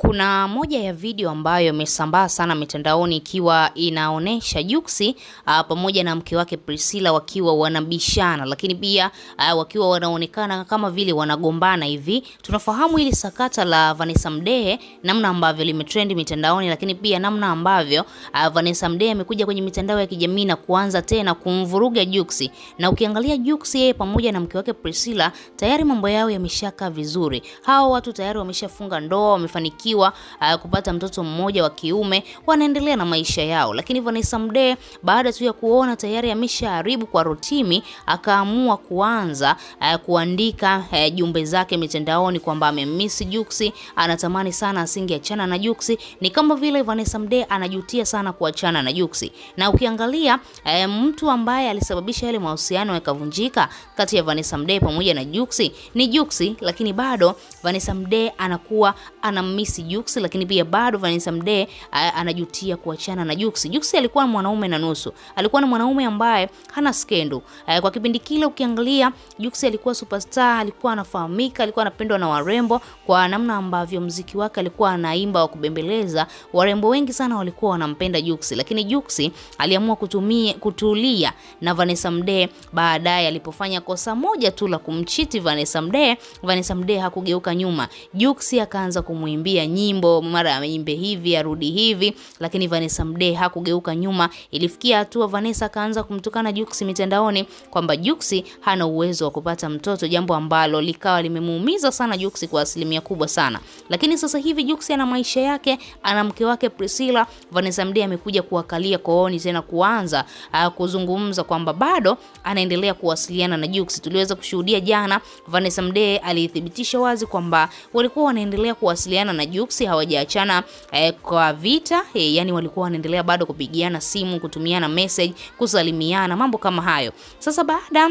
Kuna moja ya video ambayo imesambaa sana mitandaoni ikiwa inaonesha Jux ah, pamoja na mke wake Priscilla wakiwa wanabishana, lakini pia a, ah, wakiwa wanaonekana kama vile wanagombana hivi. Tunafahamu ili sakata la Vanessa Mdee namna ambavyo limetrend mitandaoni, lakini pia namna ambavyo a, ah, Vanessa Mdee amekuja kwenye mitandao ya kijamii na kuanza tena kumvuruga Jux, na ukiangalia Jux yeye pamoja na mke wake Priscilla tayari mambo yao yameshakaa vizuri, hao watu tayari wameshafunga ndoa, wamefanikiwa wamefanikiwa uh, eh, kupata mtoto mmoja wa kiume, wanaendelea na maisha yao. Lakini Vanessa Mdee baada tu ya kuona tayari ameshaharibu kwa Rotimi, akaamua kuanza uh, kuandika uh, jumbe zake mitandaoni kwamba amemisi Juksi, anatamani sana asingeachana na Juksi. Ni kama vile Vanessa Mdee anajutia sana kuachana na Juksi, na ukiangalia uh, mtu ambaye alisababisha yale mahusiano yakavunjika kati ya Vanessa Mdee pamoja na Juksi ni Juksi, lakini bado Vanessa Mdee anakuwa anamisi kumdisi Jux, lakini pia bado Vanessa Mdee anajutia kuachana na Jux. Jux alikuwa mwanaume na nusu, alikuwa ni mwanaume ambaye hana skendo. Kwa kipindi kile ukiangalia, Jux alikuwa superstar, alikuwa anafahamika, alikuwa anapendwa na warembo kwa namna ambavyo mziki wake alikuwa anaimba wa kubembeleza. Warembo wengi sana walikuwa wanampenda Jux, lakini Jux aliamua kutumia kutulia na Vanessa Mdee baadaye alipofanya kosa moja tu la kumchiti Vanessa Mdee. Vanessa Mdee hakugeuka nyuma, Jux akaanza kumwimbia nyimbo, mara aimbe hivi arudi hivi, lakini Vanessa Mdee hakugeuka nyuma. Ilifikia hatua Vanessa akaanza kumtukana Jux mitandaoni kwamba Jux hana uwezo wa kupata mtoto, jambo ambalo likawa limemuumiza sana Jux kwa asilimia kubwa sana. Lakini sasa hivi Jux ana maisha yake, ana mke wake Priscilla. Vanessa Mdee amekuja kuwakalia kooni tena kuanza uh, kuzungumza kwamba bado anaendelea kuwasiliana na Jux. Tuliweza kushuhudia jana Vanessa Mdee alithibitisha wazi kwamba walikuwa wanaendelea kuwasiliana na Jux Jux hawajaachana eh, kwa vita eh, yani walikuwa wanaendelea bado kupigiana simu, kutumiana message, kusalimiana, mambo kama hayo. Sasa baada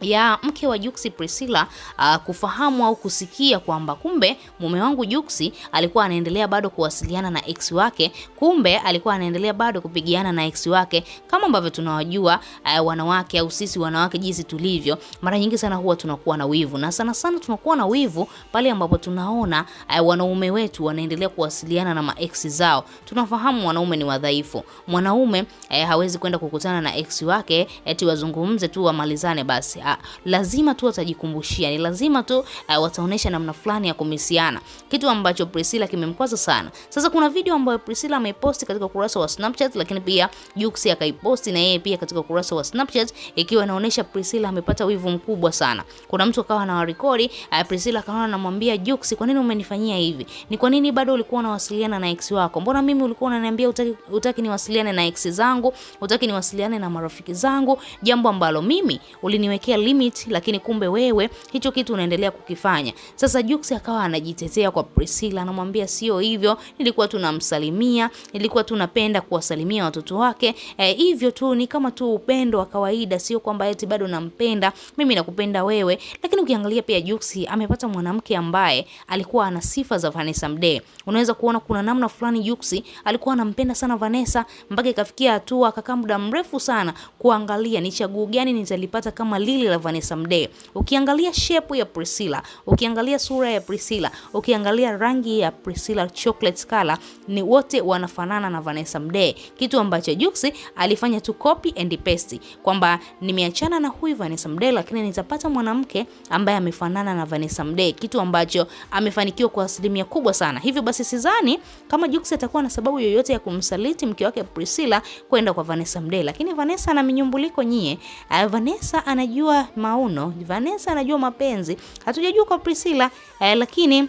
ya mke wa Juksi Priscilla uh, kufahamu au kusikia kwamba kumbe mume wangu Juksi alikuwa anaendelea bado kuwasiliana na ex wake, kumbe alikuwa anaendelea bado kupigiana na ex wake. Kama ambavyo tunawajua uh, wanawake au sisi wanawake jinsi tulivyo, mara nyingi sana huwa tunakuwa na wivu, na sana sana tunakuwa na wivu pale ambapo tunaona uh, wanaume wetu wanaendelea kuwasiliana na maex zao. Tunafahamu wanaume ni wadhaifu, mwanaume uh, hawezi kwenda kukutana na ex wake eti wazungumze tu wamalizane basi uh, lazima tu watajikumbushia, ni lazima tu uh, wataonesha namna fulani ya kumisiana, kitu ambacho Priscilla kimemkwaza sana. Sasa kuna video ambayo Priscilla ameiposti katika ukurasa wa Snapchat, lakini pia Jux akaiposti na yeye pia katika ukurasa wa Snapchat, ikiwa inaonesha Priscilla amepata wivu mkubwa sana. Kuna mtu akawa anawarekodi uh, ah, Priscilla akawa anamwambia Jux, kwa nini umenifanyia hivi? Ni kwa nini bado ulikuwa unawasiliana na ex wako? Mbona mimi ulikuwa unaniambia utaki, utaki niwasiliane na ex zangu, utaki niwasiliane na marafiki zangu, jambo ambalo mimi uliniwekea kuwekea limit, lakini kumbe wewe hicho kitu unaendelea kukifanya. Sasa Jux akawa anajitetea kwa Priscilla, anamwambia sio hivyo, nilikuwa tunamsalimia, nilikuwa tunapenda kuwasalimia watoto wake e, hivyo e, tu ni kama tu upendo wa kawaida, sio kwamba eti bado nampenda mimi, nakupenda wewe. Lakini ukiangalia pia Jux amepata mwanamke ambaye alikuwa ana sifa za Vanessa Mdee. Unaweza kuona kuna namna fulani Jux alikuwa anampenda sana Vanessa mpaka ikafikia hatua akakaa muda mrefu sana kuangalia ni chaguo gani nitalipata kama lile Priscilla Vanessa Mdee. Ukiangalia shape ya Priscilla, ukiangalia sura ya Priscilla, ukiangalia rangi ya Priscilla chocolate color, ni wote wanafanana na Vanessa Mdee, kitu ambacho Jux alifanya tu copy and paste, kwamba nimeachana na huyu Vanessa Mdee, lakini nitapata mwanamke ambaye amefanana na Vanessa Mdee, kitu ambacho amefanikiwa kwa asilimia kubwa sana. Hivyo basi sidhani kama Jux atakuwa na sababu yoyote ya kumsaliti mke wake Priscilla kwenda kwa Vanessa Mdee, lakini Vanessa ana minyumbuliko nyie. Eh, Vanessa anajua mauno, Vanessa anajua mapenzi, hatujajua kwa Priscilla eh, lakini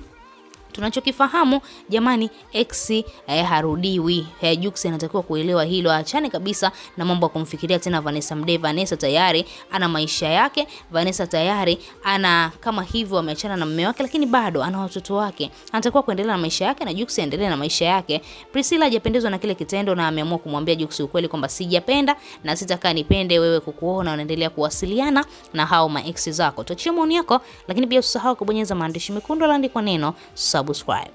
tunachokifahamu jamani, X eh, harudiwi. Eh, Jux anatakiwa kuelewa hilo, achane kabisa na mambo ya kumfikiria tena Vanessa Mdee. Vanessa tayari ana maisha yake, Vanessa tayari ana kama hivyo, ameachana na mume wake, lakini bado ana watoto wake, anatakiwa kuendelea na maisha yake na Jux aendelee na maisha yake. Priscilla hajapendezwa na kile kitendo na ameamua kumwambia Jux ukweli kwamba sijapenda na sitakaa nipende wewe kukuona unaendelea kuwasiliana na hao ma ex zako. Tuachie maoni yako, lakini pia usisahau kubonyeza maandishi mekundu yaliyoandikwa neno sub subscribe